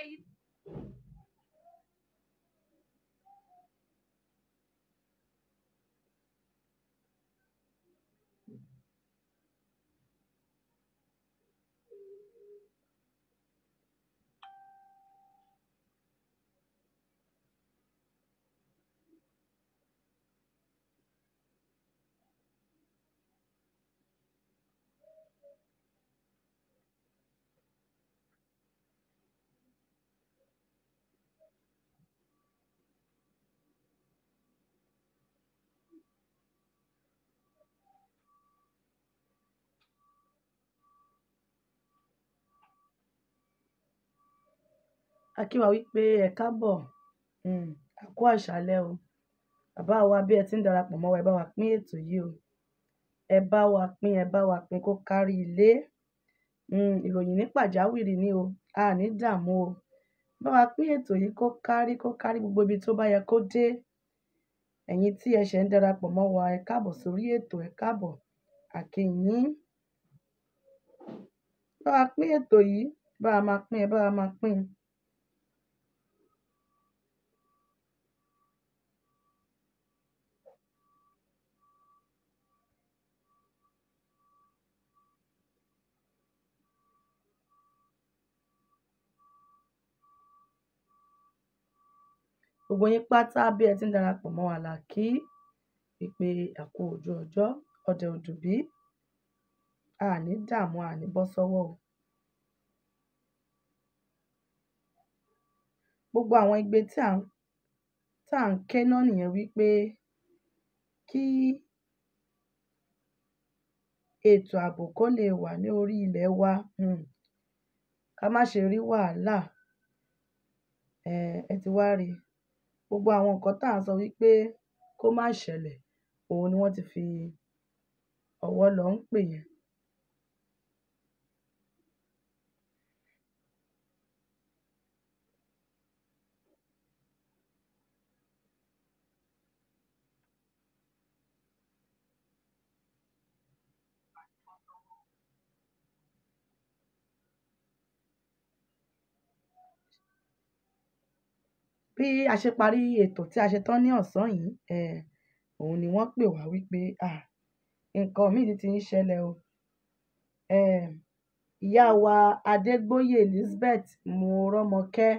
ele a wa wípé ẹ káàbọ̀ um a kú àṣálẹ́ o bàbá wa bí ẹ ti ń darapọ̀ mọ́ wa ẹ bá wa pín ètò yìí o ẹ bá wa pín ẹ bá wa pín kó kárí ilé um ìròyìn ní pàjáwìrì ni o a ní dààmú o bá wa pín ètò yìí kó kárí kó kárí gbogbo ibi tó bá yẹ kó dé ẹ̀yin tí ẹ ń darapọ̀ mọ́ wa ẹ káàbọ̀ sórí ètò ẹ káàbọ̀ àkínyìn bá wa pín ètò yìí bá a máa pín ẹ bá a máa pín Gbogbo yín pátá bí ẹ ti ń darapọ̀ mọ́ wa là kí ìpè àkú ojú ọjọ́ ọdẹ òdùbí. A ní dààmú, a ní bọ́ sọ́wọ́ o. Gbogbo àwọn igbe tí à ń, tí à ń ké náà nìyẹn wípé kí ètò ààbò kó lè wà ní orí ilẹ̀ wa, hmm, ká má ṣe rí wàhálà. Ẹ, ti wá rí. Gbogbo àwọn nǹkan tí à ń sọ wípé kó má ṣẹlẹ̀, òun ni wón ti fi ọ̀wọ̀ lọ ń pè yẹn. bí a ṣe parí ètò tí a ṣe tán ní ọ̀sán yìí, eh, òun ni wọ́n pè wá wípé, nǹkan mìí ti ń ṣẹlẹ̀ o." ìyá wa Adégbóyè Elizabeth Morómọkẹ́,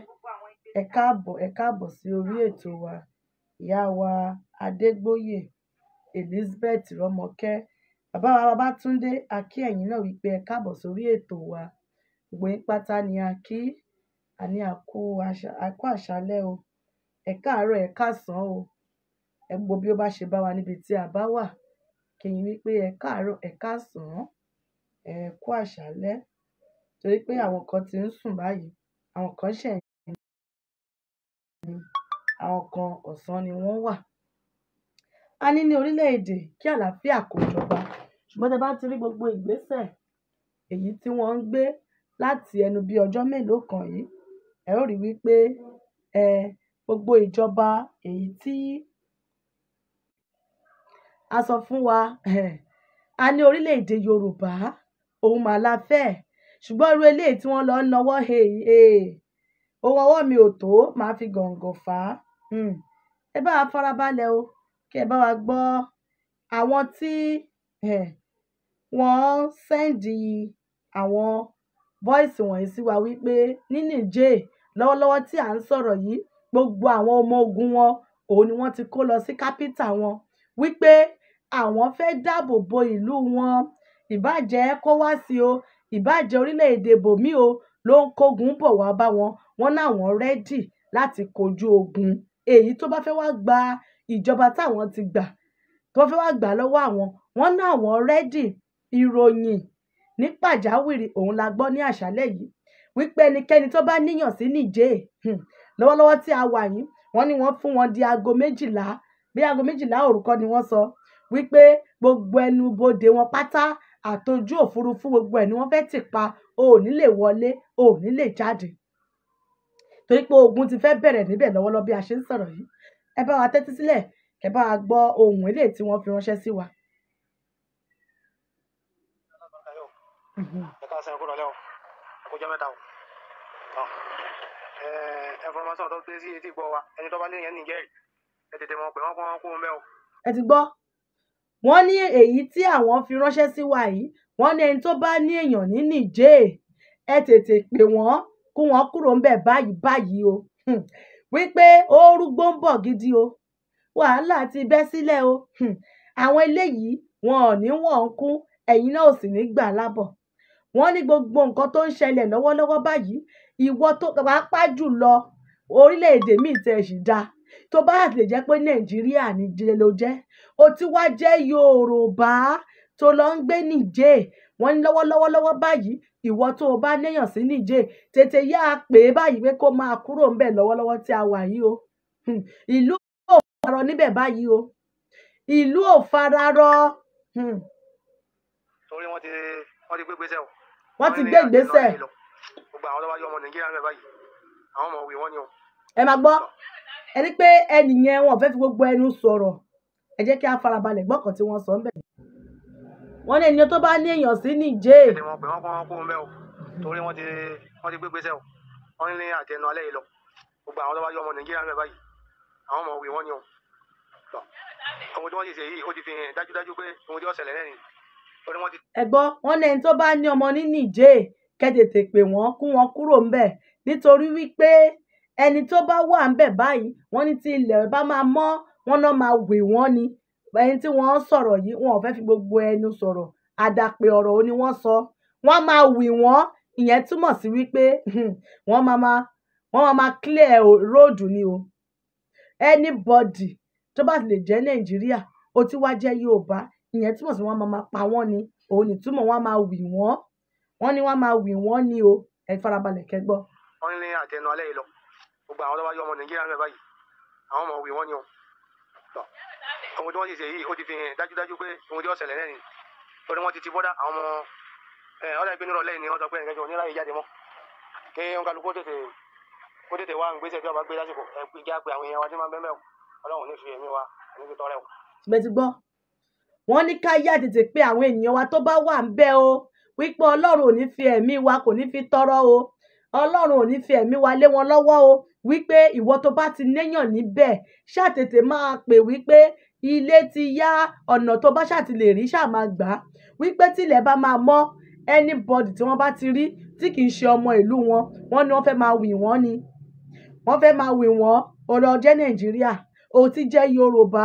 ẹ káàbọ̀, ẹ káàbọ̀ sí orí ètò wa. Ìyá wa Adégbóyè Elizabeth Rómọkẹ́. Bàbá wa Babátúndé, a kí ẹ̀yin náà wípé ẹ káàbọ̀ sórí ètò wa. Gbogbo yín ni a kí, àní a àṣálẹ́ o. Ẹ káàárọ̀, ẹ̀ káàsán o. Ẹ wo bí ó bá ṣe bá wa níbi tí a bá wà. Kí n wípé ẹ káàárọ̀, ẹ̀ káàsán, ẹ kú àṣálẹ́. Torí pé àwọn kan ti ń sùn báyìí, àwọn kan ṣẹ̀ ń jí, àwọn kan ọ̀sán ni wọ́n wà. A ní ní orílẹ̀-èdè kí àlàáfíà kò jọba. Ṣùgbọ́n tí ẹ bá ti rí gbogbo ìgbésẹ̀ èyí tí wọ́n ń gbé láti ẹnu bí ọjọ́ mélòó kan yìí, ẹ ó rí wípé, ẹ, gbogbo ìjọba èyí tí a sọ fún wa um a ní orílẹ̀-èdè yorùbá òun mà la fẹ́ ṣùgbọ́n irú eléyìí tí wọ́n lọ ń nawọ́ ohun ọwọ́ mi ò tó màá fi gàngàn fà á hmm. ẹ bá wa farabalẹ̀ o kí ẹ bá wa gbọ́ àwọn tí wọ́n sẹ́ǹdì àwọn voice wọ̀nyí sí wa wípé ní Niger lọ́wọ́lọ́wọ́ tí à ń sọ̀rọ̀ yìí gbogbo àwọn ọmọ ogun wọn òun ni wọ́n ti kó lọ sí kápítà wọn wípé àwọn fẹ́ dáàbò bo ìlú wọn ìbàjẹ́ kówásì o ìbàjẹ́ orílẹ̀-èdè bòmí o ló ń kógun bọ̀ wá bá wọn wọn láwọn rẹ́dì láti kojú ogun èyí tó bá fẹ́ wá gba ìjọba táwọn ti gbà tó fẹ́ wá gbà lọ́wọ́ àwọn wọn láwọn rẹ́dì ìròyìn ní pàjáwìrì òun la gbọ́ ní àṣálẹ́ yìí wípé ẹnikẹ́ni tó bá níyàn sí níjẹ́ lọ́wọ́lọ́wọ́ tí a wà yìí wọ́n ní wọ́n fún wọn di aago méjìlá bí aago méjìlá òrùkọ ni wọ́n sọ wípé gbogbo ẹnu bodè wọn pátá àtọjú òfurufú gbogbo ẹ̀ ni wọ́n fẹ́ tì pa o ò ní lè wọlé o ò ní lè jáde torí pé ogun ti fẹ́ bẹ̀rẹ̀ níbẹ̀ lọ́wọ́lọ́wọ́ bí a ṣe ń sọ̀rọ̀ yìí ẹ bá wa tẹ́tí sílẹ̀ ẹ bá wa gbọ́ ohun èlé tí wọ́n fi ránṣẹ́ sí wa. ẹ ká sẹ́yìn kúrò lẹ́wọ̀n àkójọ mẹ́ta o information tó tẹ́ sí etí gbọ́ wa ẹni tó bá lé yẹn nìjẹ́rì ẹ tètè mọ̀ pé wọ́n kó wọn kó wọn o. ẹ ti gbọ́ wọ́n ní èyí tí àwọn fi ránṣẹ́ sí wa yìí wọ́n ní ẹni tó bá ní èèyàn ní nìjẹ́ ẹ tètè pè wọ́n kó wọn kúrò ńbẹ̀ báyìí báyìí o hmm. wípé orúgbó ń bọ̀ gidi o wàhálà ti bẹ́ sílẹ̀ o hmm. àwọn eléyìí wọn ò ní wọ́n ń kú ẹ̀yin náà ò sì ní gbà lábọ̀ wọ́n ní gbogbo nǹkan tó ń ṣẹlẹ̀ lọ́wọ́lọ́wọ́ báyìí ìwọ tó pàápàá jùlọ orílẹ̀-èdè míì tẹ̀ sì da tó bá yàtọ̀ lè jẹ́ pé nàìjíríà ní jẹ́ ló jẹ́ ó ti wá jẹ́ yorùbá tó lọ ń gbé níjẹ́ wọ́n ní lọ́wọ́lọ́wọ́ lọ́wọ́ báyìí ìwọ tó o bá níyàn sí níjẹ́ tètè yá a pè é báyìí pé kó máa kúrò ńbẹ̀ lọ́wọ́lọ́wọ́ tí a wà yìí o hmm, ìlú ò fararọ níbẹ̀ báyìí o ìlú ò fararọ. Hmm. torí wọ́n ti gbé ìgbésẹ̀ o. wọ́n ti gbé ìgbésẹ̀. gbogbo àwọn tó yọ ọmọ nàìjíríà ń báyìí àwọn ọmọ òwe wọn ni o. ẹ máa gbọ́ ẹni pé ẹnìyẹn wọn fẹ́ fi gbogbo ẹnu sọ̀rọ̀ ẹ jẹ́ kí a farabalẹ̀ gbọ́kàn tí wọ́n sọ ń bẹ̀. wọ́n ní ènìyàn tó bá ní èèyàn sí nìjẹ́. ẹ lè wọn pè wọn kó wọn kó wọn bẹ o torí wọn ti wọn ti gbé o wọn ní àtẹnu alẹ́ yìí lọ gbogbo àwọn tó bá yọ ọmọ nàìjíríà rẹ báyìí àwọn ọmọ òwe wọn ni o ohun tí wọ́n ti ṣe yìí ó ti fi hàn dájúdájú pé ohun tí wọ́n ṣẹlẹ̀ lẹ́yìn. ẹ gbọ́ wọn ní ẹni tó bá ní ọmọ ní nìjẹ́ kẹ́tètè pè wọ́n kú wọn kúrò ńbẹ̀ nítorí wípé ẹni tó bá wà ńbẹ̀ báyìí wọ́n ní tí ilẹ̀ bá máa mọ́ wọ́n náà máa wè wọ́n ni ẹni tí wọ́n sọ̀rọ̀ yìí wọn ò fẹ́ fi gbogbo ẹnu sọ̀rọ̀ àdàpè ọ̀rọ̀ ó ní wọ́n sọ wọ́n máa wì wọ́n ìyẹn túmọ̀ sí wípé hmm, wọ́n máa máa wọ́n máa máa clear róòdù ni o anybody tó bá lè jẹ́ nàìjíríà ó ti wá jẹ́ yorùbá ìyẹn túmọ̀ sí wọ́n máa máa pa wọ́n ni òun ìtumọ̀ wọ́n máa wì wọ́n wọ́n ní wọ́n máa wì wọ́n ní o ẹ farabalẹ̀ kẹ́ gbọ́. wọ́n ní àtẹnu alẹ́ yìí lọ gbogbo àwọn ọlọ́wájú ọmọ nàìjíríà rẹ̀ báyìí àwọn ọmọ wì wọ́n ní o ohun tí wọ́n ti ṣe yìí ó ti fi hàn dájúdájú pé ohun tí ó ṣẹlẹ̀ lẹ́yìn torí wọ́n ti ti bọ́dá àwọn ọmọ ọlọ́ọ̀ ìpínlẹ̀ ọ̀lẹ́ ni wọ́n sọ pé ẹ̀ǹkan jọ níláyè jáde mọ́ kí wọ́n kálukú tètè kó tètè wá gbèsè tí wọ́n bá gbé lásìkò ẹ̀ pé já àwọn èèyàn wa ti máa bẹ́ẹ̀ mẹ́wọ̀ ọlọ́run ní fi èmi wa ẹni fi tọrẹ o. ṣùgbọ́n ti gbọ́ wọ́n ní ká yá tètè pé àwọn èèyàn wa tó bá wà ń bẹ́ o wípé ọlọ́run ò ní fi ẹ̀mí wa kò ní fi tọrọ o ọlọ́run ò ní fi ẹ̀mí wa lé wọn lọ́wọ́ o wípé ìwọ tó bá ti néyàn níbẹ̀ ṣàtètè máa pè wípé ilé ti yá ọ̀nà tó bá ṣàti lè rí ṣáà máa gbà á wípé tilẹ̀ bá máa mọ́ anybody tí wọ́n bá ti rí tí kì í ṣe ọmọ ìlú wọn wọ́n ní wọ́n fẹ́ máa wì wọ́n ni wọ́n fẹ́ máa wì wọ́n ọ̀rọ̀ jẹ́ nàìjíríà ó ti jẹ́ yorùbá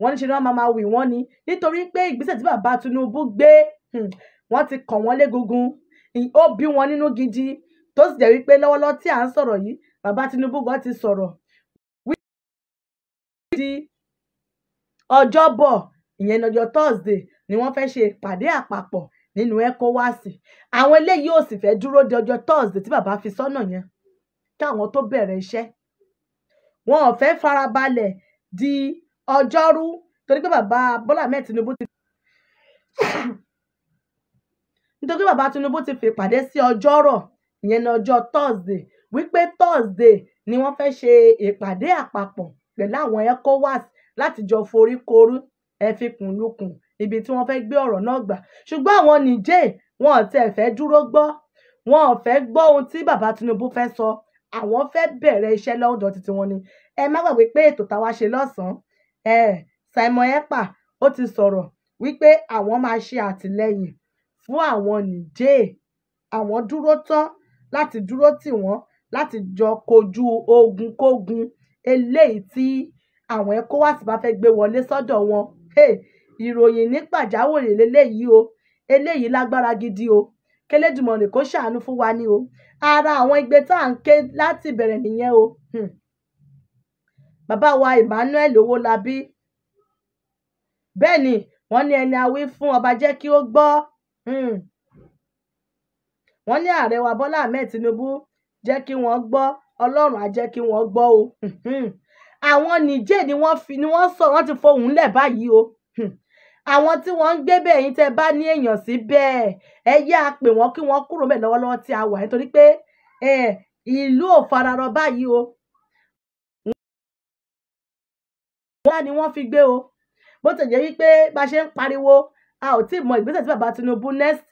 wọ́n ní ṣe ni wọ́n máa wì wọ́n ni nítorí pé ìgbésẹ̀ tí bàbá Tinubu gbé hmm, wọ́n ti kàn wọ́n légungun ó bí wọn nínú gidi tó sì jẹ́ wípé lọ́wọ́lọ́wọ́ tí à ń sọ̀rọ̀ yìí bàbá Tinubu gan ti sọ̀rọ̀ di ọjọ́bọ̀ ìyẹn ní ọjọ́ Thursday ni wọ́n fẹ́ ṣe ìpàdé àpapọ̀ nínú ECOWAS àwọn eléyìí ò sì fẹ́ dúró de ọjọ́ Thursday tí bàbá fi sọ́nà yẹn káwọn tó bẹ̀rẹ̀ iṣẹ́ wọn ò fẹ́ farabalẹ̀ di ọjọ́rú torí pé bàbá Bọ́lá Ahmed Tinubu ti nítorí bàbá Tinubu ti fi ìpàdé sí ọjọ́rọ̀ ìyẹn ní ọjọ́ Thursday wípé Thursday ni wọ́n fẹ́ ṣe ìpàdé àpapọ̀ pẹ̀lú àwọn ECOWAS láti jọ forí korú ẹ fi kùn lukùn ibi tí wọ́n fẹ́ gbé ọ̀rọ̀ náà gbà ṣùgbọ́n àwọn Niger wọn ò tẹ̀ fẹ́ dúró gbọ́ wọn ò fẹ́ gbọ́ ohun tí bàbá Tinubu fẹ́ sọ àwọn fẹ́ bẹ̀rẹ̀ iṣẹ́ lọ́dọ̀ títí wọn ni ẹ má gbàgbé pé ètò táwa ṣe lọ́sàn-án ẹ Simon Ekpa ó ti sọ̀rọ̀ wípé àwọn máa ṣe àtìlẹ́yìn fún àwọn nìjéè àwọn dúró tán láti dúró tì wọ́n láti jọ kojú ogunkógun eléyìí tí àwọn ECOWAS bá fẹ́ gbé wọlé sọ́dọ̀ wọn ìròyìn ní pàjáwìrì lélẹ́yìí o eléyìí lágbára gidi o kẹlẹ́dùmọ̀rẹ̀ kó ṣàánú fún wa ni o ara àwọn igbe tá à ń ké láti bẹ̀rẹ̀ nìyẹn o hmm. bàbá wa Emmanuel Owólabí bẹ́ẹ̀ ni wọ́n ní ẹni awí fún ọba jẹ́ kí ó gbọ́ Hmm. wọ́n ní ààrẹ wa bọ́lá ahmed tinubu jẹ́ kí wọ́n gbọ́ ọlọ́run á jẹ́ kí wọ́n gbọ́ o hmm. àwọn níjẹ́ ni wọ́n fi ni wọ́n sọ wọ́n ti fohùn lẹ̀ báyìí o hmm. àwọn tí wọ́n ń gbé bẹ́ẹ̀ yín tẹ́ bá ní èèyàn sí bẹ́ẹ̀ ẹ yá a pè wọ́n kí wọ́n kúrò bẹ́ẹ̀ lọ́wọ́lọ́wọ́ tí a wà nítorí pé ìlú ò fararọ báyìí o wọ́n ni wọ́n fi gbé o bó ti jẹ́ wípé bá ṣe ń pariwo a ò tí ì mọ ìgbésẹ̀ tí bàbá Tinubu next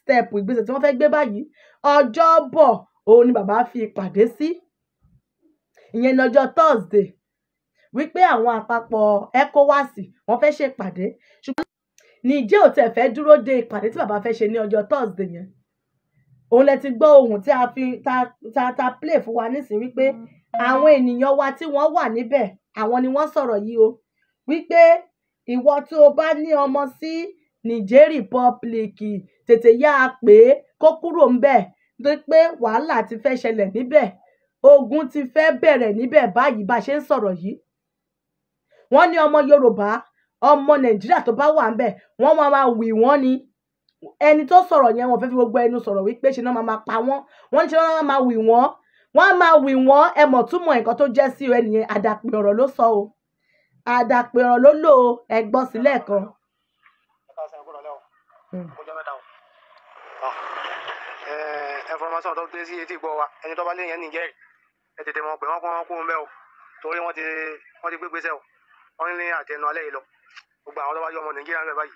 step ìgbésẹ̀ tí wọ́n fẹ́ gbé báyìí ọjọ́bọ̀ òun ni bàbá fi ìpàdé sí ìyẹn ní ọjọ́ Thursday wípé àwọn àpapọ̀ ECOWAS wọ́n fẹ́ ṣe ìpàdé ṣùgbọ́n nìjẹ́ ò tẹ̀ fẹ́ dúró de ìpàdé tí bàbá fẹ́ ṣe ní ọjọ́ Thursday yẹn òun lẹ ti gbọ́ ohun tí a fi ta ta ta play fún wa nísìnyí wípé àwọn ènìyàn wa tí wọ́n wà níbẹ̀ àwọn ni wọ́n sọ̀rọ̀ yìí o wípé ìwọ tó o bá ní ọmọ sí Niger Republic tètè yá a pè kó kúrò ńbẹ̀ torí pé wàhálà ti fẹ́ ṣẹlẹ̀ níbẹ̀ ogun ti fẹ́ bẹ̀rẹ̀ níbẹ̀ báyìí bá a ṣe ń sọ̀rọ̀ yìí wọ́n ní ọmọ Yorùbá ọmọ Nàìjíríà tó bá wà ńbẹ̀ wọ́n máa ma wì wọ́n ni ẹni tó sọ̀rọ̀ yẹn wọ́n fẹ́ fi gbogbo ẹnu sọ̀rọ̀ wípé ṣe náà máa ma pa wọ́n wọ́n ṣe náà máa wì wọ́n wọ́n á máa wì wọ́n ẹ nǹkan tó jẹ́ sí ẹnìyẹn àdàpè ọ̀rọ̀ ló sọ o àdàpèrọ̀ ló lò ó ẹ̀gbọ́n sílẹ̀ kan. ẹ̀fọ̀rọ̀mọ́sán hmm. hmm. tó dé sí etí ìgbọ́ wa ẹni tó bá lé yẹn nìjẹ́rì ẹ tètè mọ̀ pé wọ́n kún wọn kún un bẹ́ẹ̀ o torí wọ́n ti wọ́n ti gbé gbèsè o wọ́n ní àtẹnu alẹ́ yìí lọ gbogbo àwọn tó bá yọ ọmọ nàìjíríà rẹ báyìí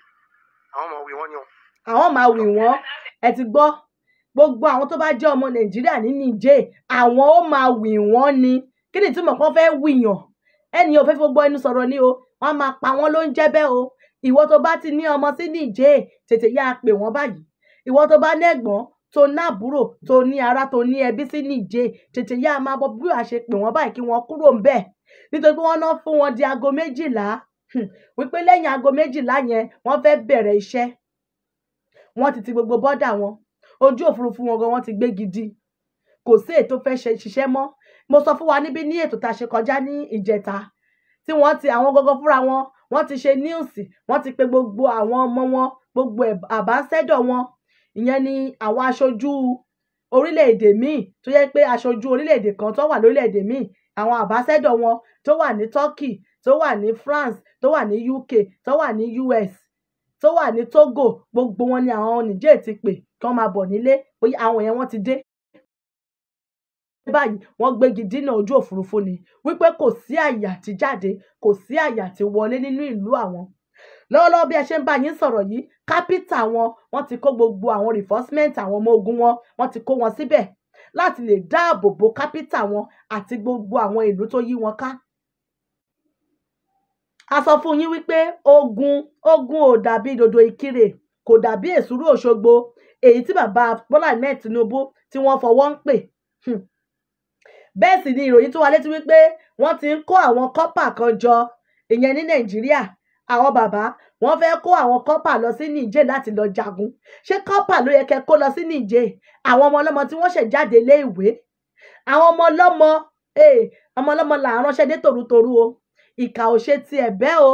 àwọn máa wì wọ́n ni o. àwọn máa wì wọ́n ẹ ti gbọ́ gbogbo àwọn tó bá jẹ́ ọmọ nàìjíríà ní níjẹ́ àwọn ó máa wì wọ́n ni kí ni ìtumọ̀ kan fẹ́ wìyàn ẹnìyàn ò fẹ́ fọgbọ́ ẹnu sọ̀rọ̀ ni o wọ́n máa pa wọ́n ló ń jẹ́ bẹ́ẹ̀ o ìwọ tó bá ti ní ọmọ sí níjẹ́ tètè yáa pè wọ́n báyìí ìwọ tó bá nẹ́gbọ́n tó náàbúrò tó ní ara tó ní ẹbí sí níjẹ́ tètè yáa máa bọ bí wàá ṣe pè wọ́n báyìí kí wọ́n kúrò ń bẹ̀ nítorí pé wọ́n ná fún wọn di aago méjìlá hmm. wípé lẹ́yìn aago méjìlá yẹn wọ́n fẹ́ bẹ̀rẹ̀ iṣẹ́ wọ́n ti ti gbogbo bọ́dà wọn ojú òfurufú wọn gan wọ́n ti gbé gidi kò sí ètò fẹ́ ṣiṣẹ́ mọ́ mo sọ fún wa níbí ní ètò tá a ṣe kọjá ní ìjẹta tí wọ́n ti àwọn gọgọ fúnra wọn wọ́n ti ṣe níùsì wọ́n ti pe gbogbo àwọn ọmọ wọn gbogbo àbáṣẹ́dọ̀ wọn ìyẹn ni àwọn aṣojú orílẹ̀-èdè míì tó yẹ pé aṣojú orílẹ̀ kan tó wà lórílẹ̀ míì àwọn àbáṣẹ́dọ̀ wọn tó wà ní Turkey tó wà ní France tó wà ní UK tó wà ní US tó wà ní Togo gbogbo wọn ni àwọn Niger ti pè kí wọ́n máa bọ̀ nílé àwọn yẹn wọ́n ti dé báyìí wọ́n gbégi dínà ojú òfurufú ni wípé kò sí àyè àti jáde kò sí àyè àti wọlé nínú ìlú àwọn lọ́wọ́lọ́wọ́ bí ẹ ṣe ń bá yín sọ̀rọ̀ yìí kápítà wọn wọ́n ti kó gbogbo àwọn reinforcement àwọn ọmọ ogun wọn wọ́n ti kó wọn síbẹ̀ láti lè dáàbò bo kápítà wọn àti gbogbo àwọn ìlú tó yí wọn ká a sọ fún yín wípé ogun ogun ò dàbí dodo ìkirè kò dàbí èsúrú òṣogbo èyí tí bàbá Bọ́lá Ahmed Tinubu tí wọ́n fọwọ́ ń pè hmm bẹ́ẹ̀ sì ni ìròyìn tó wà létí wípé wọ́n ti ń kó àwọn kọ́pà kan jọ ìyẹn ní nàìjíríà àwọn bàbá wọ́n fẹ́ kó àwọn kọ́pà lọ sí níjẹ́ láti lọ jagun ṣé kọ́pà ló yẹ kẹ́ kó lọ sí níjẹ́ àwọn ọmọ ọlọ́mọ tí wọ́n ṣẹ̀ jáde léèwé àwọn ọmọ ọlọ́mọ eh, ọmọ ọlọ́mọ là ń ránṣẹ́ dé tòrútòrú o ìkà ò ṣe ti ẹ̀bẹ́ o.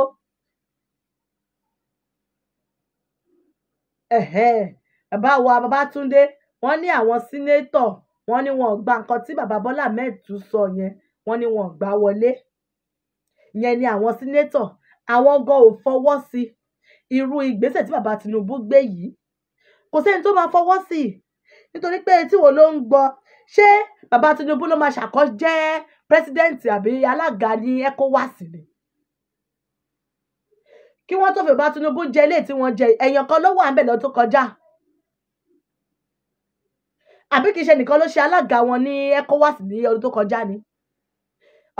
bàbá wa Babátúndé wọ́n ní àwọn sínétọ̀ wọ́n ní wọn gba nǹkan tí bàbá Bọ́lá Ahmed Tinubu sọ yẹn wọ́n ní wọn gbà wọlé ìyẹn ni àwọn sínétọ̀ àwọn gan ò fọwọ́ sí irú ìgbésẹ̀ tí bàbá Tinubu gbé yìí kò sẹ́ni tó máa fọwọ́ sí nítorí pé etí wo ló ń gbọ́ ṣé bàbá Tinubu ló máa ṣàkọ́ jẹ́ pírẹsidẹ́ǹtì àbí alága ní ECOWAS ni kí wọ́n tó fi bá Tinubu jẹ ilé tí wọ́n jẹ èèyàn kan ló wà ń bẹ̀ lọ́dún kọjá àbí kì í ṣe nìkan ló ṣe alága wọn ní ECOWAS ní ọdún tó kọjá ni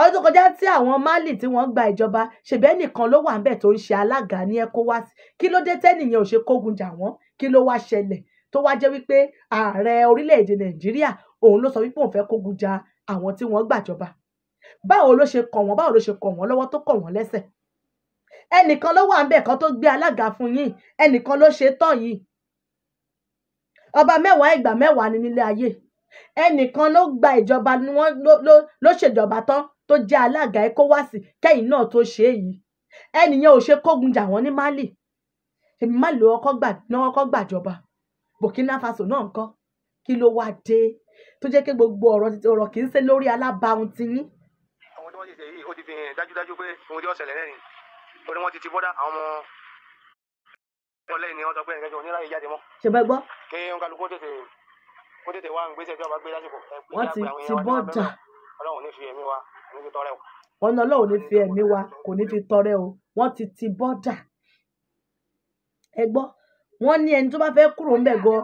ọdún tó kọjá tí àwọn Mali tí wọ́n gba ìjọba ṣèbẹ́ nìkan ló wà ńbẹ̀ tó ń ṣe alága ní ECOWAS kí ló dé tẹ́nìyẹn ò ṣe kógun jà wọ́n kí ló wá ṣẹlẹ̀ tó wá jẹ́ wípé ààrẹ orílẹ̀-èdè Nàìjíríà òun ló sọ wípé òun fẹ́ kógun jà àwọn tí wọ́n gbàjọba báwo ló ṣe kàn wọ́n báwo ló ṣe kàn wọ́n lọ́wọ́ tó kàn wọ́n lẹ́sẹ̀ ẹnìkan ló wà ńbẹ̀ kan tó gbé alága fún yín ẹnìkan ló ṣe tán yìí ọba mẹ́wàá ìgbà mẹ́wàá ni nílé ayé ẹnìkan ló gba ìjọba ni wọ́n ló ṣèjọba tán tó jẹ́ alága ECOWAS kẹ́yìn náà tó ṣe é yìí ẹnìyẹn ò ṣe kógun jà wọ́n ní Mali èmi má lò ọkọ gbà náà ọkọ gbàjọba Burkina Faso náà ńkọ́ kí ló wá dé tó jẹ́ pé gbogbo ọ̀rọ̀ kì í ṣe lórí alábàáhùn ti àwọn tí wọ́n ti ṣe yìí ó ti fi hàn dájúdájú pé òun ti ọ̀sẹ̀ lẹ́rìn-ín ó ní wọ́n ti ti bọ́dá àwọn ọmọ ọlẹ́ ni wọ́n sọ pé nǹkan oníláyè jáde mọ́. ṣe bẹ́ẹ̀ gbọ́. kí n kálukú tètè kó tètè wá gbèsè tí wọ́n bá gbé lásìkò. wọ́n ti ti bọ́ọ̀dà. ọlọ́run ní fi ẹ̀mí wa kò ní fi tọrẹ o. wọ́n ní ọlọ́run ní fi ẹ̀mí wa kò ní fi tọrẹ o wọ́n ti ti bọ́ọ̀dà. ẹ gbọ́ wọ́n ní ẹni tó bá fẹ́ kúrò ń bẹ̀ gan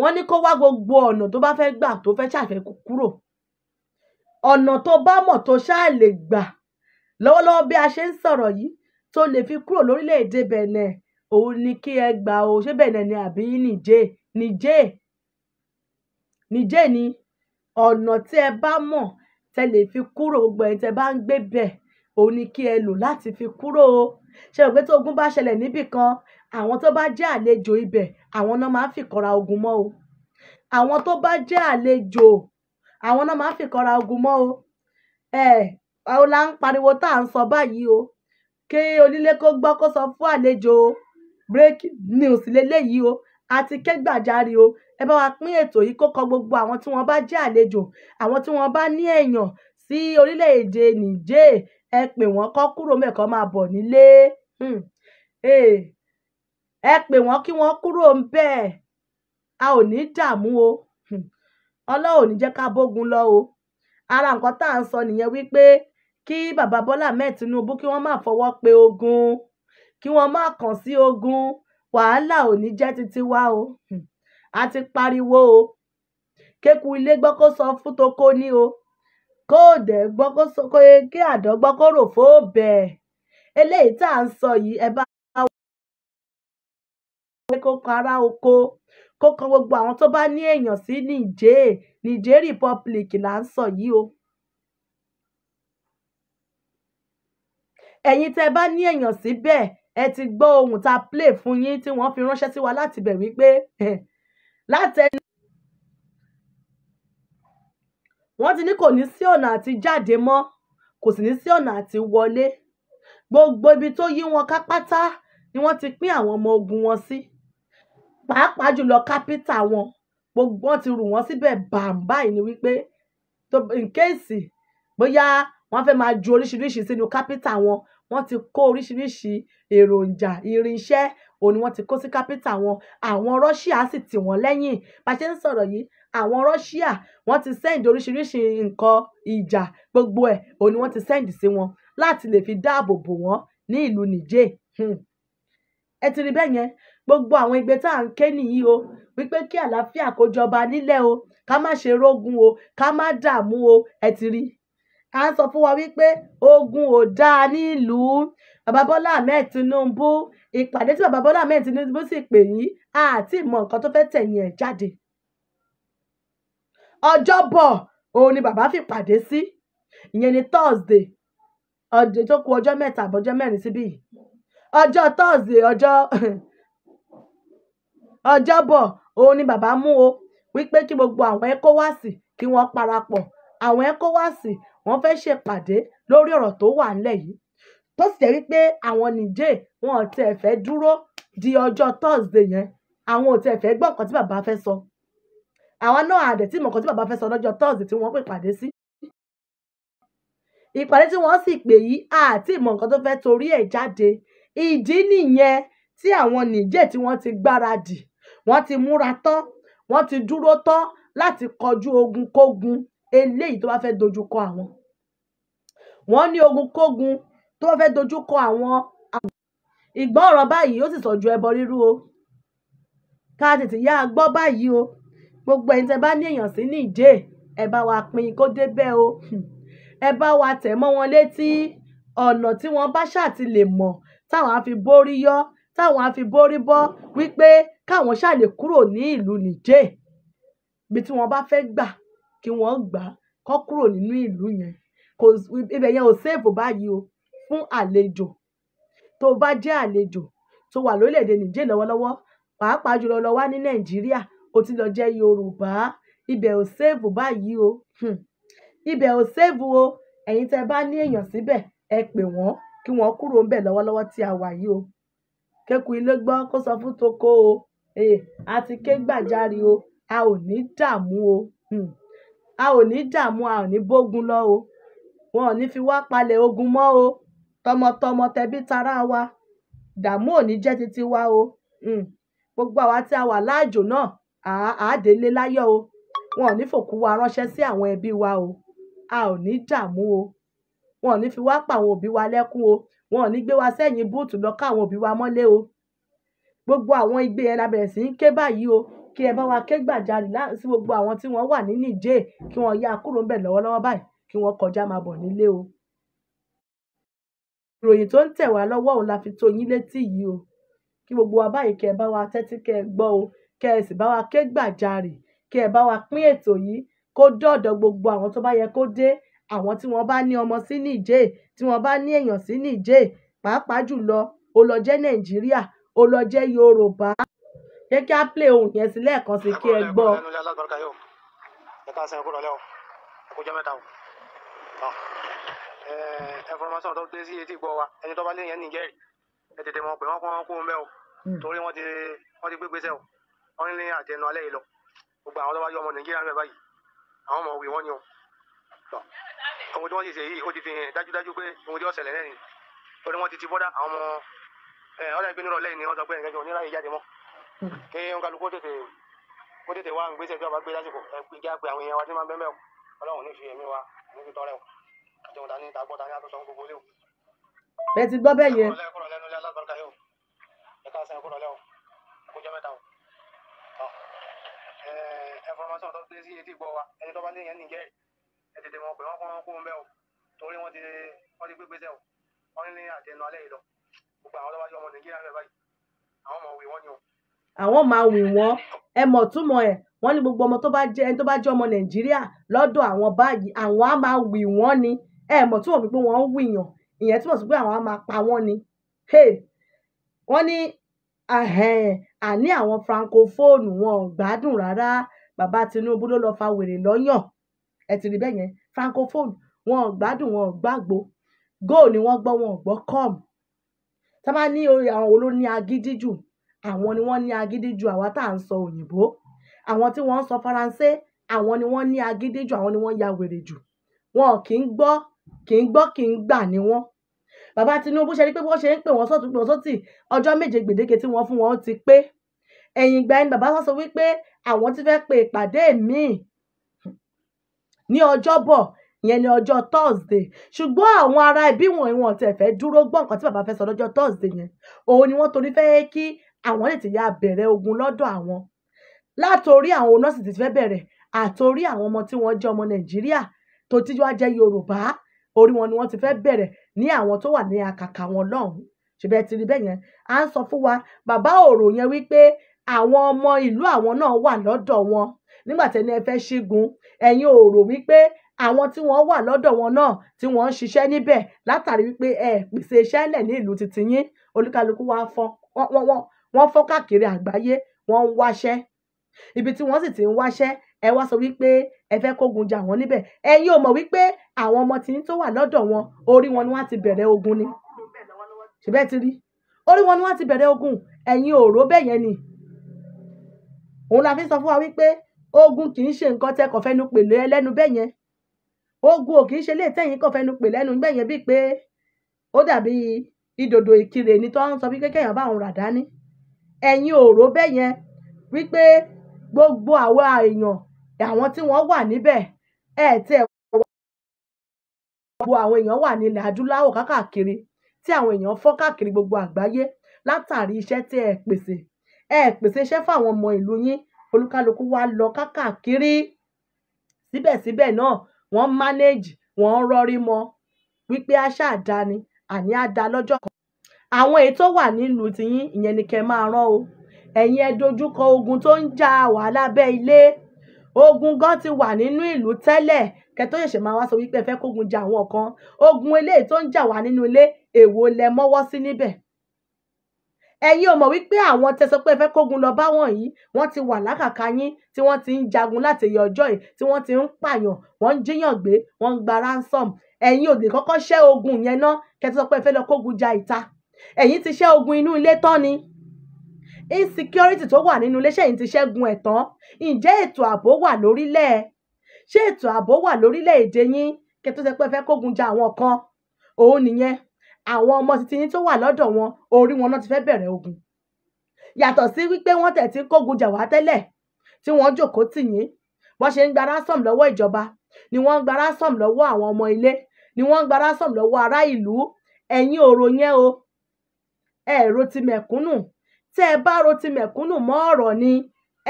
wọ́n ní kó wá gbogbo ọ̀nà tó bá fẹ́ gbà tó fẹ́ ṣàfẹ́ kúrò ọ̀nà tó bá mọ̀ tó ṣáà lè gbà lọ́wọ́lọ́wọ́ bí a ṣe ń sọ̀rọ̀ yìí tó lè fi kúrò lórílẹ̀‐èdè Benin òun ni kí ẹ gbà o ṣé Benin ni àbí Niger Niger Niger ni ọ̀nà tí ẹ bá mọ̀ tẹ lè fi kúrò gbogbo ẹ̀yin tẹ bá ń gbé bẹ̀ òun ni kí ẹ lò láti fi kúrò o ṣe rò pé tí ogun bá ṣẹlẹ̀ níbì kan àwọn tó bá jẹ́ àlejò ibẹ̀ àwọn náà máa ń fìkanra ogun mọ́ o àwọn tó bá jẹ́ àlejò àwọn náà máa ń fìkanra ogun mọ́ o ẹ̀ ọ̀la ń pariwo tá à ń sọ báyìí o kí onílé kó gbọ́ kó sọ fún àlejò breaking news lélẹ́yìí o àti kẹ́gbàjarì o ẹ bá wa pín ètò yìí kó kọ gbogbo àwọn tí wọ́n bá jẹ́ àlejò àwọn tí wọ́n bá ní èèyàn sí orílẹ̀-èdè Niger ẹ pè wọ́n kó kúrò mẹ́kọ́ máa bọ̀ nílé hmm. ẹ pè wọ́n kí wọ́n kúrò ń a ò ní dààmú o hmm. ọlọ́run ò ní jẹ́ ká bógun lọ o ara nǹkan tá à ń sọ nìyẹn wípé kí bàbá Bọ́lá Ahmed Tinubu kí wọ́n má fọwọ́ pe ogun kí wọ́n má kàn sí ogun wàhálà ò ní jẹ́ títí wá o hmm. a ti pariwo o kéku ilé gbọ́ kó sọ fún toko ní o kó dẹ̀ gbọ́ kó sọ pé kí àdọ́ gbọ́ kó rò fó bẹ́ẹ̀ eléyìí tá à ń sọ yìí ẹ bá wà pé kó kan ará oko kó kan gbogbo àwọn tó bá ní èèyàn sí Nìjẹ́ Nìjẹ́ Republic là ń sọ yìí o. ẹ̀yin tẹ́ bá ní èèyàn síbẹ̀ ẹ ti gbọ́ ohun tá a play fún yín tí wọ́n fi ránṣẹ́ sí wa láti bẹ̀ wípé látẹnu. wọ́n ti ní kò ní sí ọ̀nà àti jáde mọ́ kò sì ní sí ọ̀nà àti wọlé gbogbo ibi tó yí wọn ká pátá ni wọ́n ti pín àwọn ọmọ ogun wọn sí pàápàá jùlọ kápítà wọn gbogbo wọn ti rù wọn síbẹ̀ bàǹbáì ni wípé in case bóyá wọ́n fẹ́ máa ju oríṣiríṣi sínú kápítà wọn wọ́n ti kó oríṣiríṣi èròjà irinṣẹ́ òun ni wọ́n ti kó sí kápítà wọn àwọn Russia sì tì wọ́n lẹ́yìn bá a ṣe ń sọ̀rọ̀ yìí àwọn Russia wọ́n ti sẹ́ǹdì oríṣiríṣi nǹkan ìjà gbogbo ẹ̀ òun ni wọ́n ti sẹ́ǹdì sí wọn láti lè fi dáàbò bò wọ́n ní ìlú Niger hmm. ẹ ti rí bẹ́ẹ̀ yẹn gbogbo àwọn igbe tá à ń ké nìyí o wípé kí àlàáfíà kó jọba nílẹ̀ o ká má ṣe rógun o ká má dààmú o ẹ ti rí à ń sọ fún wa wípé ogun ò dáa nílùú bàbá Bọ́lá Ahmed Tinubu ìpàdé tí bàbá Bọ́lá Ahmed Tinubu sì pè yìí àti ìmọ̀ nǹkan tó fẹ́ tẹ̀yìn ẹ̀ jáde ọjọ́bọ̀ òun ni bàbá fi pàdé sí ìyẹn ni Thursday ọjọ́ tó kù ọjọ́ mẹ́ta àbọ̀jọ́ mẹ́rin síbí yìí ọjọ́ Thursday ọjọ́ ọjọ́bọ̀ òun ni bàbá mú o wípé kí gbogbo àwọn ECOWAS kí wọ́n parapọ̀ àwọn ECOWAS wọ́n fẹ́ ṣèpàdé lórí ọ̀rọ̀ tó wà ńlẹ̀ yìí tó sì jẹ́ wípé àwọn nìjẹ́ wọn ò tẹ̀ fẹ́ dúró di ọjọ́ Thursday yẹn àwọn ò tẹ̀ fẹ́ gbọ́ nǹkan tí bàbá fẹ́ sọ àwa náà àdẹ̀ tí mọ̀ nǹkan tí bàbá fẹ́ sọ lọ́jọ́ Thursday tí wọ́n pè pàdé sí ìpàdé tí wọ́n sì pè yí àti ìmọ̀ nǹkan tó fẹ́ torí ẹ̀ jáde ìdí nìyẹn tí àwọn nìjẹ́ tí wọ́n ti gbáradì wọ́n ti múra tán wọ́n ti dúró tán láti kọjú ogun kógun eléyìí tó bá fẹ́ dojú kọ àwọn. Wọ́n ní ogun kógun tó bá fẹ́ dojú kọ àwọn. Ìgbọ́ ọ̀rọ̀ báyìí ó sì sàn ju ẹbọ rírú o. Ká tètè yá a gbọ́ báyìí o. Gbogbo ẹ̀yin tẹ bá ní èèyàn sí ní ìjẹ́ ẹ bá wa pín kó débẹ̀ o. Ẹ bá wa tẹ̀ mọ́ wọn létí ọ̀nà tí wọ́n bá ṣà ti lè mọ̀ táwọn á fi bórí yọ́ táwọn á fi bórí bọ́ wípé káwọn ṣà kúrò ní ìlú Niger ibi tí wọ́n bá fẹ́ gbà kí wọ́n gbà á kọ́ kúrò nínú ìlú yẹn kò ibẹ̀ yẹn ò safe báyìí o fún àlejò tó bá jẹ́ àlejò tó wà lórílẹ̀‐èdè Niger lọ́wọ́lọ́wọ́ pàápàá jùlọ lọ wá ní Nàìjíríà ó ti lọ jẹ́ Yorùbá ibẹ̀ ò safe báyìí o hmm. ibẹ̀ ò safe o ẹ̀yin tẹ́ bá ní èèyàn síbẹ̀ ẹ pè wọ́n kí wọ́n kúrò ńbẹ̀ lọ́wọ́lọ́wọ́ tí a wà yìí o kéku ilé gbọ́ kó sọ fún toko o àti ké gbàjarì o a ò ní dààmú o. Hmm a ò ní dààmú a ò ní bógun lọ o wọn ò ní fi wá palẹ̀ ogun mọ́ o tọmọtọmọ tẹbí tará wa dààmú ò ní jẹ́ titi wa o hmm. gbogbo àwa tí a wà láàjò náà àádélé láyọ̀ o wọn ò ní fòkú wa ránṣẹ́ sí àwọn ẹbí wa o a ò ní dààmú o wọn ò ní fi wá pa àwọn òbí wa lẹ́kún o wọn ò ní gbé wa sẹ́yìn búùtù lọ àwọn òbí wa mọ́lé o gbogbo àwọn igbe yẹn la bẹ̀rẹ̀ sí í ké báyìí o kí ẹ bá wa kẹ́gbàjarì sí gbogbo àwọn tí wọ́n wà ní Niger kí wọ́n yá kúrò ń bẹ̀ lọ́wọ́lọ́wọ́ báyìí kí wọ́n kọjá máa bọ̀ nílé o. ìròyìn tó ń tẹ̀ wá lọ́wọ́ òun la fi tó yín létí yìí o kí gbogbo wa báyìí kẹ́ bá wa tẹ́tí kẹ́ gbọ́ o kẹ́ ẹ sì bá wa kẹ́gbàjarì kẹ́ ẹ bá wa pín ètò yìí kó dọ̀dọ̀ gbogbo àwọn tó bá yẹ kó dé àwọn tí wọ́n bá ní ọmọ sí Niger tí wọ́n bá ní èèyàn sí Niger pàápàá jùlọ ó lọ jẹ́ Nàìjíríà ó lọ jẹ́ Yorùbá jẹ́ kí á play ohun yẹn sí lẹ́ẹ̀kan sí kí ẹ gbọ́. àwọn ọmọ òwe wọn ni o ohun tí wọ́n sì ṣe yìí ó ti fi hàn dájúdájú pé ohun tí ó ṣẹlẹ̀ lẹ́yìn torí wọ́n ti ti bọ́dá àwọn ọmọ ọ̀dà ìpínlẹ̀ lẹ́yìn ni wọ́n sọ pé ẹ̀ńgẹ́jọ oníráyè jáde mọ́ kí ọkàlùkù tètè kó tètè wá ìgbésẹ̀ tí wọ́n bá gbé lásìkò ẹ pé kí á pe àwọn èèyàn wa tí máa ń bẹ́ẹ̀ ọlọ́run ní fi ẹ̀mí wa ní fi tọrẹ o àti òun dání ìtagbọ́ dání àtúnṣe gbogbo lé o. bẹ́ẹ̀ ti gbọ́ bẹ́ẹ̀ yẹn. kúrò lẹ́nu ilé alábàárà yìí o ẹ ká sẹ́yìn kúrò lẹ́wọ̀ kó jẹ́ mẹ́ta o. ẹ̀fọ́nmọ́sán tó dé sí etí gbọ́ wa ẹni tó bá ní yẹn nìjẹ́ ẹ tètè mọ̀ pé wọ́n kọ́ kó ń bẹ́ o torí wọ́n ti wọ́n ti gbégbé àwọn máa wù wọ́n ẹ mọ̀ túmọ̀ ẹ̀ wọ́n ní gbogbo ọmọ tó bá jẹ́ ẹni tó bá jẹ́ ọmọ nàìjíríà lọ́dọ̀ àwọn báyìí àwọn á máa wì wọ́n ni ẹ mọ̀ túmọ̀ pé wọ́n ń wìyàn ìyẹn túmọ̀ sí pé àwọn á máa pa wọ́n ni wọ́n ní àní àwọn francophone wọn ò gbádùn rárá bàbá Tinubu ló lọ fa wèrè lọ́yàn ẹ ti rí bẹ́ẹ̀ yẹn francophone wọn ò gbádùn wọn gbàgbó go ni wọ́n gbọ́ wọn ò gbọ́ com tá bá ní orí àwọn wo ló ní agídí jù àwọn ni wọ́n ní agídí ju àwa tá à ń sọ òyìnbó àwọn tí wọ́n ń sọ faransé àwọn ni wọ́n ní agídí jù àwọn ni wọ́n ya wèrè jù wọn kì í gbọ́ kì í gbọ́ kì í gbà ní wọn. bàbá Tinubu ṣe rí pé wọ́n ṣe ń pè wọ́n sọ́tún pè wọ́n sọ́tì ọjọ́ méje gbèdéke tí wọ́n fún wọn ti pé ẹ̀yìn ìgbà ẹni bàbá sọ wípé àwọn ti fẹ́ pe ìpàdé míì ní ọjọ́bọ̀ ìyẹn ni ọjọ́ Thursday ṣùgbọ́n àwọn ará ibi wọn ìwọ̀n tẹ̀ fẹ́ dúró gbọ́ nǹkan tí bàbá fẹ́ sọ lọ́jọ́ Thursday yẹn òun ni wọ́n torí fẹ́ kí àwọn lè ti yá bẹ̀rẹ̀ ogun lọ́dọ̀ àwọn látòrí àwọn nọ́ọ̀sì ti fẹ́ bẹ̀rẹ̀ àtòrí àwọn ọmọ tí wọ́n jẹ́ ọmọ nàìjíríà tó ti wá jẹ́ yorùbá orí wọn ni wọ́n ti fẹ́ bẹ̀rẹ̀ ní àwọn tó wà ní àkàkà wọn lọ́hùn-ún ṣùgbọ́n ẹ ti rí bẹ́ẹ̀ yẹn à ń sọ fún wa bàbá òrò yẹn wípé àwọn ọmọ ìlú àwọn náà wà lọ́dọ̀ wọn nígbà tẹ́ni ẹ fẹ́ ṣígun ẹ̀yin òrò wípé àwọn tí wọ́n wà lọ́dọ̀ wọn náà tí wọ́n ń ṣiṣẹ́ níbẹ̀ látàrí wípé ẹ pèsè iṣẹ́ lẹ̀ ní ìlú titi yín olúkálukú wa fọ́n wọ́n wọ́n wọ́n fọ́n káàkiri àgbáyé wọ́n ń wáṣẹ́ ibi tí wọ́n sì ti ń wáṣẹ́ ẹ wá sọ wípé ẹ fẹ́ kógun jà wọ́n níbẹ̀ ẹ̀yin ò mọ̀ wípé àwọn ọmọ tìyín tó wà lọ́dọ̀ wọn orí wọn ni wọ́n ti bẹ̀rẹ̀ ogun ni ṣùgbọ́n ti rí orí wọn ni wọ́n ti bẹ̀rẹ̀ ogun ẹ̀yin ò rò bẹ́ẹ̀ yẹn ni òun la fi sọ fún wa wípé ogun kì í ṣe nǹkan tẹ́kọ̀ fẹ́nu pèlè ẹlẹ́nu bẹ́ẹ̀ yẹn ogun ò kì í ṣe lè tẹ̀yìn kọ̀ fẹ́nu pèlè ẹnu bẹ́ẹ̀ yẹn bíi pé ó dàbí ìdòdò ìkirè ni tó ń sọ wípé kéèyàn bá òun rà dání ẹ̀yin ò rò bẹ́ẹ̀ yẹn wípé gbogbo àwa èèyàn àwọn tí wọ́n wà níbẹ̀ ẹ̀ tẹ́ gbogbo àwọn èèyàn wà ní ilẹ̀ adúláwọ̀ káàkiri tí àwọn èèyàn fọ́ káàkiri gbogbo àgbáyé látàrí iṣẹ́ tí ẹ pèsè ẹ pèsè iṣẹ́ fáwọn ọmọ ìlú yín olúkálukú wa lọ káàkiri síbẹ̀síbẹ̀ náà wọ́n manage wọ́n rọrí mọ́ wípé àṣà àdáni àní àdá lọ́jọ́ kan àwọn èyí tó wà nílùú tiyín ìyẹn ni kẹ́ máa rán o ẹ̀yin ẹ dojúkọ ogun tó ń jà wá lábẹ́ ilé ogun gan ti wà nínú ìlú tẹ́lẹ̀ kẹ́ tó ṣẹ̀ṣẹ̀ máa wá sọ wípé ẹ fẹ́ kógun jà àwọn kan ogun eléyìí tó ń jà wá nínú ilé èwo lẹ mọ́wọ́ sí níbẹ̀ ẹ̀yin ò mọ̀ wípé àwọn tẹ́ sọ pé ẹ fẹ́ kógun lọ bá wọn yìí wọ́n ti wà lákàkà yín tí wọ́n ti ń jagun láti ẹ̀yọ ọjọ́ yìí tí wọ́n ti ń pààyàn wọ́n ń jíyàn gbé wọ́n ń gba ransom ẹ̀yin ò lè kọ́kọ́ ṣẹ́ ogun yẹn ná kẹ́ tó sọ pé ẹ fẹ́ lọ kógun ja ìta ẹ̀yin ti ṣẹ́ ogun inú ilé tán ni insecurity tó wà nínú ilé ṣẹ́yìn ti ṣẹ́gun ẹ̀ tán ǹjẹ́ ètò ààbò wà lórílẹ̀ ṣé ètò ààbò wà lórílẹ̀-èdè yín kẹ́ tó ṣe pé fẹ́ kógun ja àwọn kan òun nìyẹn àwọn ọmọ titi yín tó wà lọ́dọ̀ wọn orí wọn náà ti fẹ́ bẹ̀rẹ̀ ogun yàtọ̀ sí wípé wọ́n tẹ̀ ti kógun jà wá tẹ́lẹ̀ tí wọ́n jókòó tì yín bọ́n ṣe ń gba ransom lọ́wọ́ ìjọba ni wọ́n ń gba ransom lọ́wọ́ àwọn ọmọ ilé ni wọ́n ń gba ransom lọ́wọ́ ará ìlú ẹ̀yin ọ̀rọ̀ yẹn o ẹ ro ti mẹ̀kúnnù tẹ́ ẹ bá ro ti mẹ̀kúnnù mọ́ ọ̀rọ̀ ni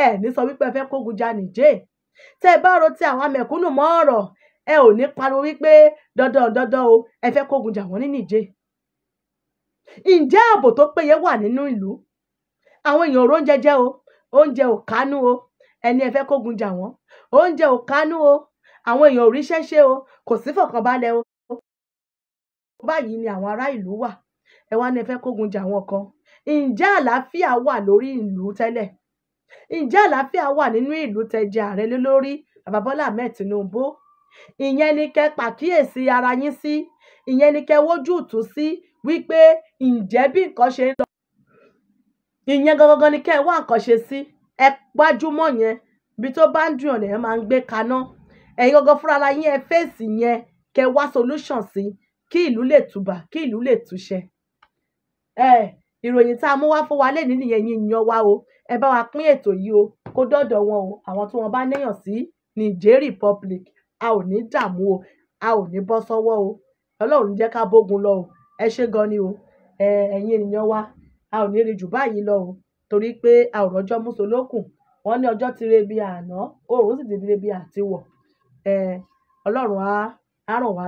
ẹ ní sọ wípé ẹ fẹ́ kógun ja nìjẹ́ tẹ́ ẹ bá ro ti àwọn mẹ̀kúnnù mọ́ ọ̀rọ̀ ẹ ò ní pariwo wípé dandan dandan o ẹ fẹ́ kógun jà wọ́n ní nìjẹ́ ǹjẹ́ ààbò tó péye wà nínú ìlú àwọn èèyàn òró oúnjẹ o oúnjẹ ò kánú o ẹni ẹ fẹ́ kógun jà wọ́n oúnjẹ ò kánú o àwọn èèyàn ò ṣe o kò sí fọ̀kànbalẹ̀ o báyìí ni àwọn ará ìlú wà ẹ wá ní ẹ fẹ́ kógun jà àwọn kan ǹjẹ́ àlàáfíà wà lórí ìlú tẹ́lẹ̀ ǹjẹ́ àlàáfíà wà nínú ìlú tẹ́jẹ ààrẹ lé lórí bàbá Bọ́lá Ahmed Tinubu ìyẹn ni kẹ́ pàkíyèsí ara yín sí ìyẹn ni kẹ́ wójú ìtú sí wípé ǹjẹ́ bí nǹkan ṣe ń lọ ìyẹn gangan ni kẹ́ ẹ wá nǹkan ṣe sí ẹ gbájúmọ́ yẹn ibi tó bá ń dùn ọ̀nà ẹ máa ń gbé kaná ẹ̀yin gangan fúnra ara yín ẹ fèsì yẹn kẹ́ wá solution sí kí ìlú lè tùbà kí ìlú lè túṣẹ ìròyìn tá a mú wá fún wa lẹ́ni nìyẹn yín yan wa o ẹ bá wa pín ètò yìí o kó dọ́dọ̀ wọn o àwọn tí wọ́n bá níyàn sí Niger Republic a ò ní dààmú o a ò ní bọ́ sọ́wọ́ o ọlọ́run jẹ́ ká bógun lọ o ẹ ṣé gan ni o ẹ̀yin ènìyàn wa a ò ní rí jù báyìí lọ o torí pé a ò rọ́jọ́ mùsùlùkùn wọ́n ní ọjọ́ ti rebi àná oòrùn sì ti rebi àtiwọ̀ ọlọ́run á ràn wá